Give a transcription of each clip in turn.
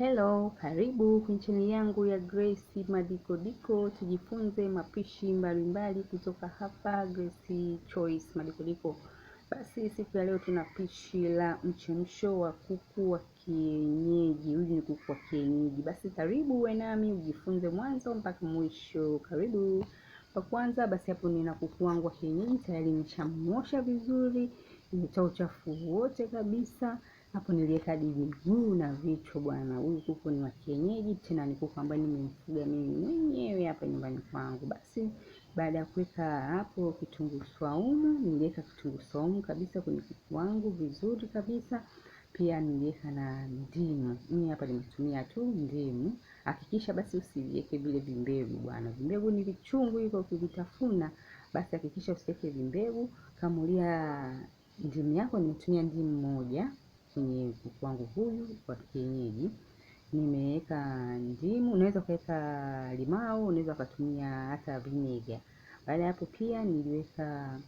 Hello, karibu kwenye chaneli yangu ya Grace Madikodiko, tujifunze mapishi mbalimbali kutoka hapa Grace Choice Madikodiko. Basi siku ya leo tuna pishi la mchemsho wa kuku wa kienyeji. Huyu ni kuku wa kienyeji. Basi karibu uwe nami ujifunze mwanzo mpaka mwisho. Karibu. Kwa kwanza, basi hapo nina kuku wangu wa kienyeji tayari, nishamosha vizuri, nimetoa uchafu wote kabisa hapo niliweka miguu na vichwa bwana. Huyu kuku ni wa kienyeji, tena ni kuku ambaye nimemfuga mimi mwenyewe hapa nyumbani kwangu. Basi baada ya kuweka hapo kitunguu swaumu, niliweka kitunguu swaumu kabisa kwenye kuku wangu vizuri kabisa. Pia niliweka na ndimu. Mimi hapa nimetumia tu ndimu. Hakikisha basi usiweke vile vimbegu bwana, vimbegu ni vichungu hivyo, ukivitafuna basi hakikisha usiweke vimbegu. Kamulia ndimu yako, nimetumia ndimu moja kienyeji. Kuku wangu huyu wa kienyeji nimeweka ndimu, unaweza ukaweka limau, unaweza ukatumia hata vinegar. Baada ya hapo pia niliweka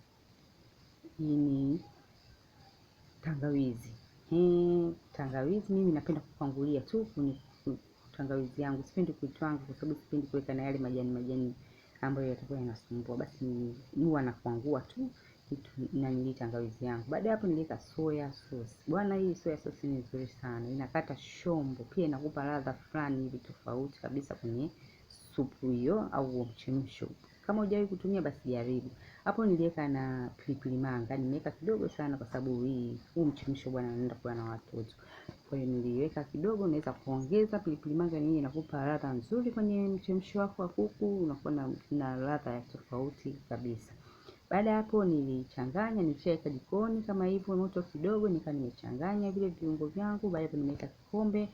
ini tangawizi. Hmm, tangawizi mimi napenda kupangulia tu kuni tangawizi yangu, sipendi kuitwanga kwa sababu sipendi kuweka na yale majani majani ambayo yatakuwa yanasumbua, basi huwa nakwangua tu kitu nanilii tangawizi yangu. Baada ya hapo niliweka soya sauce. Bwana, hii soya sauce ni nzuri sana, inakata shombo, pia inakupa ladha fulani hivi tofauti kabisa kwenye supu hiyo au mchemsho. Kama hujawahi kutumia basi jaribu. Hapo niliweka na pilipili manga, nimeweka kidogo sana kwa sababu hii huu mchemsho bwana, anaenda kuwa na watoto. Kwa hiyo niliweka kidogo, naweza kuongeza pilipili manga, yenyewe inakupa ladha nzuri kwenye mchemsho wako wa kuku, unakuwa na ladha ya tofauti kabisa. Baada ya hapo nilichanganya, nilishaweka jikoni kama hivyo moto kidogo, nika nimechanganya vile viungo vyangu. Baada hapo nimeweka kikombe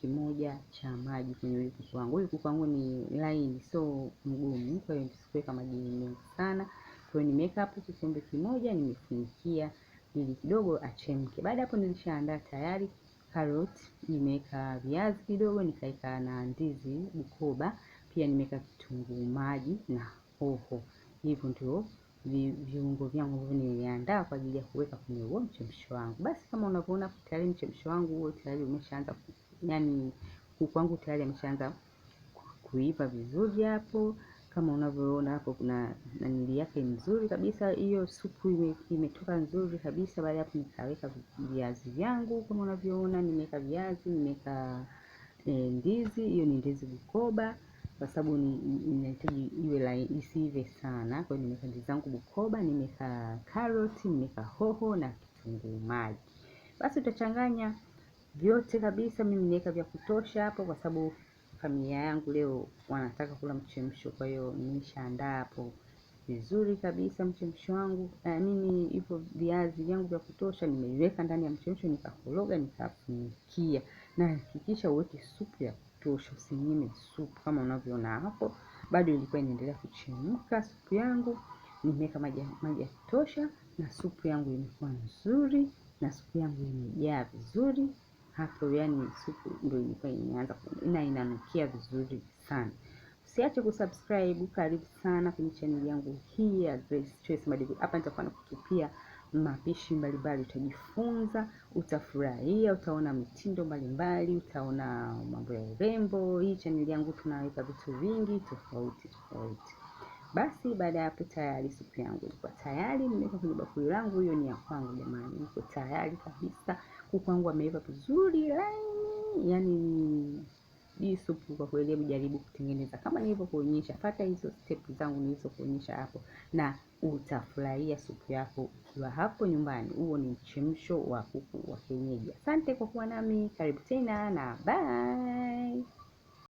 kimoja cha maji kwenye huyu kuku wangu. Huyu kuku wangu ni laini, so mgumu, kwa hiyo sikuweka maji mengi sana. Kwa hiyo nimeweka hapo kikombe kimoja, nimefunikia ili kidogo achemke. Baada hapo nilishaandaa tayari karoti, nimeweka viazi kidogo, nikaweka na ndizi Bukoba, pia nimeweka kitunguu maji na hoho. Hivyo ndio viungo vyangu ambavyo niliandaa kwa ajili ya kuweka kwenye huo mchemsho wangu. Basi kama unavyoona tayari mchemsho wangu huo tayari umeshaanza, yani kuku wangu tayari ameshaanza kuiva vizuri hapo kama unavyoona hapo, kuna nanili yake nzuri kabisa. Hiyo supu ime, imetoka nzuri kabisa. Baada ya hapo, nikaweka viazi vyangu kama unavyoona, nimeweka viazi, nimeweka e, ndizi. Hiyo ni ndizi Bukoba kwa sababu ninahitaji iwe laini, isiive sana. Kwa hiyo nimeweka ndizi zangu Bukoba, nimeweka karoti, nimeweka hoho na kitunguu maji. Basi utachanganya vyote kabisa. Mimi nimeweka vya kutosha hapo, kwa sababu familia yangu leo wanataka kula mchemsho. Kwa hiyo nimeshaandaa hapo vizuri kabisa mchemsho wangu. Uh, mimi hivyo viazi vyangu vya kutosha nimeiweka ndani ya mchemsho, nikakologa, nikafunikia. Na hakikisha uweke supu ya tosha, usinyime supu kama unavyoona hapo. Bado ilikuwa inaendelea kuchemka supu yangu, nimeweka maji ya kutosha, na supu yangu imekuwa nzuri, na supu yangu imejaa vizuri hapo, yani supu ndio ilikuwa imeanza na inanukia vizuri sana. Usiache kusubscribe, karibu sana kwenye chaneli yangu hii ya Grace Choice Madigo. Hapa nitakuwa nakutupia mapishi mbalimbali, utajifunza, utafurahia, utaona mitindo mbalimbali, utaona mambo ya urembo. Hii chaneli yangu tunaweka vitu vingi tofauti tofauti. Basi baada ya hapo tayari supu yangu ilikuwa tayari, nimeweka kwenye bakuli langu. Hiyo ni ya kwangu jamani, niko tayari kabisa. Kuku wangu ameiva vizuri laini, yani hii supu kwa kweli, hebu jaribu kutengeneza kama nilivyokuonyesha. Fata hizo step zangu nilizokuonyesha hapo, na utafurahia supu yako ukiwa hapo nyumbani. Huo ni mchemsho wa kuku wa kienyeji. Asante kwa kuwa nami, karibu tena na bye.